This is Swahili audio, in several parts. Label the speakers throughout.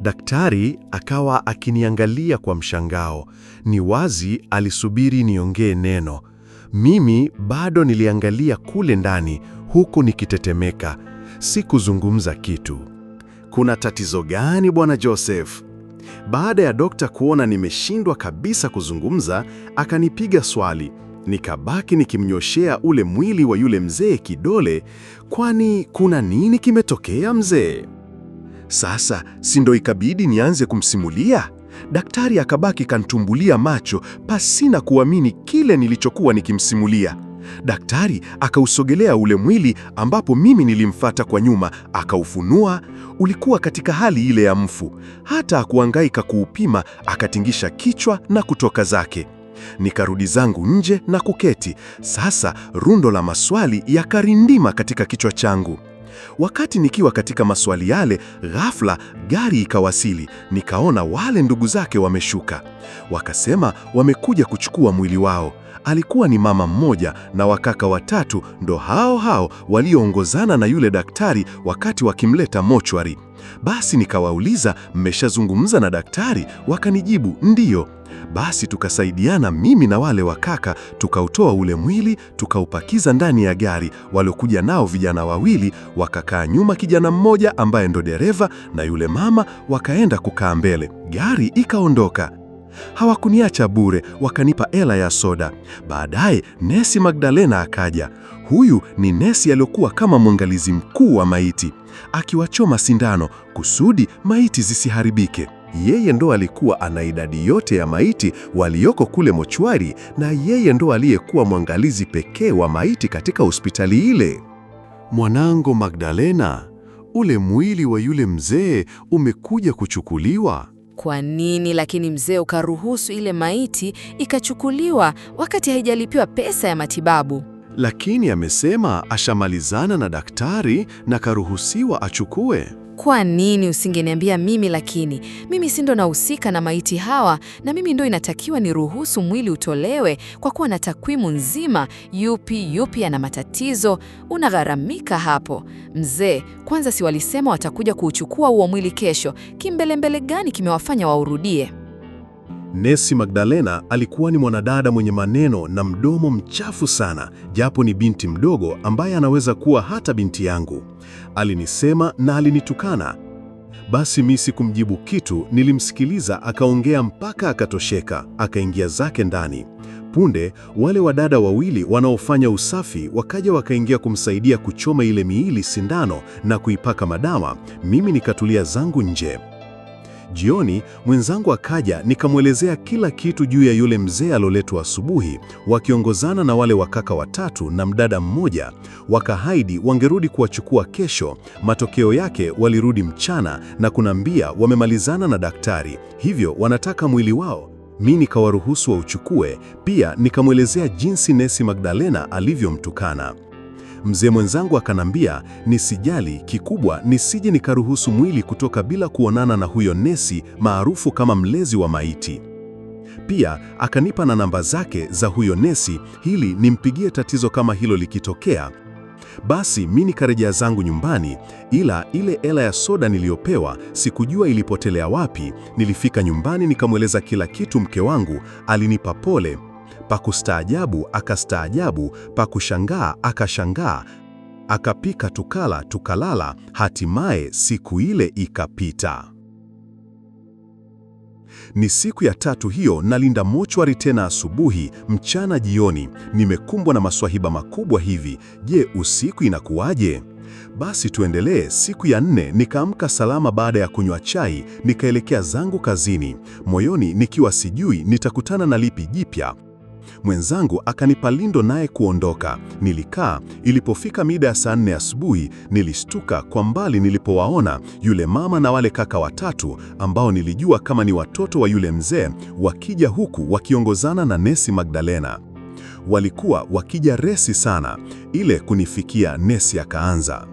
Speaker 1: Daktari akawa akiniangalia kwa mshangao. Ni wazi alisubiri niongee neno. Mimi bado niliangalia kule ndani huku nikitetemeka. Sikuzungumza kitu.
Speaker 2: Kuna tatizo gani Bwana Joseph? Baada ya dokta kuona nimeshindwa kabisa kuzungumza, akanipiga swali. Nikabaki nikimnyoshea ule mwili wa yule mzee kidole. Kwani kuna nini kimetokea mzee? Sasa si ndo ikabidi nianze kumsimulia? Daktari akabaki kantumbulia macho pasina kuamini kile nilichokuwa nikimsimulia. Daktari akausogelea ule mwili ambapo mimi nilimfata kwa nyuma, akaufunua. Ulikuwa katika hali ile ya mfu, hata akuangaika kuupima, akatingisha kichwa na kutoka zake. Nikarudi zangu nje na kuketi. Sasa rundo la maswali yakarindima katika kichwa changu. Wakati nikiwa katika maswali yale, ghafla gari ikawasili, nikaona wale ndugu zake wameshuka. Wakasema wamekuja kuchukua mwili wao alikuwa ni mama mmoja na wakaka watatu, ndo hao hao walioongozana na yule daktari wakati wakimleta mochwari. Basi nikawauliza mmeshazungumza na daktari? Wakanijibu ndiyo. Basi tukasaidiana mimi na wale wakaka, tukautoa ule mwili tukaupakiza ndani ya gari. Waliokuja nao vijana wawili wakakaa nyuma, kijana mmoja ambaye ndo dereva na yule mama wakaenda kukaa mbele. Gari ikaondoka. Hawakuniacha bure, wakanipa hela ya soda. Baadaye nesi Magdalena akaja. Huyu ni nesi aliyokuwa kama mwangalizi mkuu wa maiti, akiwachoma sindano kusudi maiti zisiharibike. Yeye ndo alikuwa ana idadi yote ya maiti walioko kule mochwari, na yeye ndo aliyekuwa mwangalizi pekee wa maiti katika hospitali ile.
Speaker 1: Mwanangu Magdalena, ule mwili wa yule mzee umekuja kuchukuliwa
Speaker 3: kwa nini lakini mzee ukaruhusu ile maiti ikachukuliwa wakati haijalipiwa pesa ya matibabu?
Speaker 1: Lakini amesema ashamalizana na daktari na karuhusiwa achukue.
Speaker 3: Kwa nini usingeniambia mimi? Lakini mimi si ndo nahusika na maiti hawa, na mimi ndo inatakiwa niruhusu mwili utolewe, kwa kuwa na takwimu nzima. Yupi yupi ana matatizo? Unagharamika hapo mzee. Kwanza si walisema watakuja kuuchukua huo mwili kesho? Kimbelembele gani kimewafanya waurudie?
Speaker 1: Nesi Magdalena alikuwa ni mwanadada mwenye maneno na mdomo mchafu sana, japo ni binti mdogo ambaye anaweza kuwa hata binti yangu. Alinisema na alinitukana. Basi mi sikumjibu kitu, nilimsikiliza akaongea mpaka akatosheka, akaingia zake ndani. Punde wale wadada wawili wanaofanya usafi wakaja wakaingia kumsaidia kuchoma ile miili sindano na kuipaka madawa. Mimi nikatulia zangu nje. Jioni mwenzangu akaja, nikamwelezea kila kitu juu ya yule mzee aloletwa asubuhi, wakiongozana na wale wakaka watatu na mdada mmoja. Wakahaidi wangerudi kuwachukua kesho. Matokeo yake walirudi mchana na kunambia wamemalizana na daktari, hivyo wanataka mwili wao. Mi nikawaruhusu wauchukue. Pia nikamwelezea jinsi nesi Magdalena alivyomtukana. Mzee mwenzangu akanambia nisijali, kikubwa nisije nikaruhusu mwili kutoka bila kuonana na huyo nesi maarufu kama mlezi wa maiti. Pia akanipa na namba zake za huyo nesi ili nimpigie tatizo kama hilo likitokea. Basi mi nikarejea zangu nyumbani, ila ile hela ya soda niliyopewa sikujua ilipotelea wapi. Nilifika nyumbani nikamweleza kila kitu mke wangu, alinipa pole pa kustaajabu akastaajabu, pa kushangaa akashangaa, akapika tukala tukalala, hatimaye siku ile ikapita. Ni siku ya tatu hiyo, nalinda mochwari tena asubuhi, mchana, jioni. Nimekumbwa na maswahiba makubwa hivi. Je, usiku inakuwaje? Basi tuendelee. Siku ya nne nikaamka salama baada ya kunywa chai, nikaelekea zangu kazini, moyoni nikiwa sijui nitakutana na lipi jipya. Mwenzangu akanipa lindo naye kuondoka. Nilikaa, ilipofika mida ya saa nne asubuhi, nilishtuka kwa mbali nilipowaona yule mama na wale kaka watatu ambao nilijua kama ni watoto wa yule mzee, wakija huku wakiongozana na Nesi Magdalena. Walikuwa wakija resi sana. Ile kunifikia, Nesi akaanza,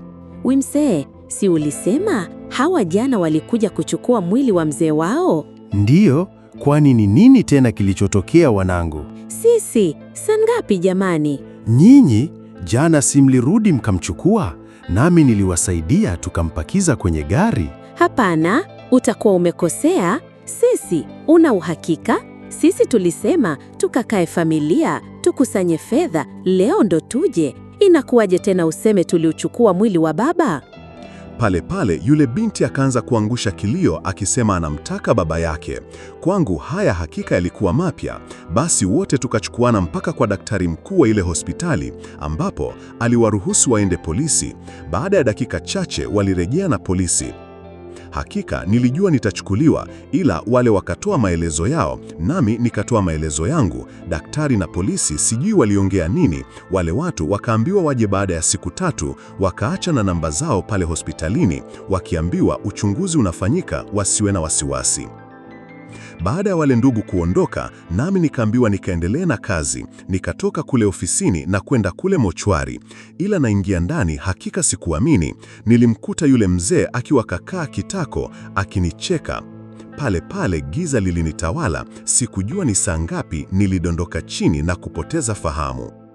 Speaker 4: wimsee mzee, si ulisema hawa jana walikuja kuchukua mwili wa mzee wao?
Speaker 1: Ndiyo, kwani ni nini tena kilichotokea wanangu?
Speaker 4: Sisi saa ngapi jamani?
Speaker 1: Nyinyi jana si mlirudi mkamchukua, nami niliwasaidia tukampakiza kwenye gari.
Speaker 4: Hapana, utakuwa umekosea. Sisi una uhakika? Sisi tulisema tukakae familia, tukusanye fedha, leo ndo tuje. Inakuwaje tena useme tuliuchukua mwili wa baba?
Speaker 1: Pale pale yule binti akaanza kuangusha kilio akisema anamtaka baba yake. Kwangu haya hakika yalikuwa mapya. Basi wote tukachukuana mpaka kwa daktari mkuu wa ile hospitali ambapo aliwaruhusu waende polisi. Baada ya dakika chache walirejea na polisi. Hakika nilijua nitachukuliwa, ila wale wakatoa maelezo yao, nami nikatoa maelezo yangu. Daktari na polisi sijui waliongea nini. Wale watu wakaambiwa waje baada ya siku tatu, wakaacha na namba zao pale hospitalini, wakiambiwa uchunguzi unafanyika, wasiwe na wasiwasi. Baada ya wale ndugu kuondoka, nami nikaambiwa nikaendelee na kazi. Nikatoka kule ofisini na kwenda kule mochwari, ila naingia ndani, hakika sikuamini. Nilimkuta yule mzee akiwa kakaa kitako akinicheka pale pale. Giza lilinitawala, sikujua ni saa ngapi. Nilidondoka chini na kupoteza fahamu.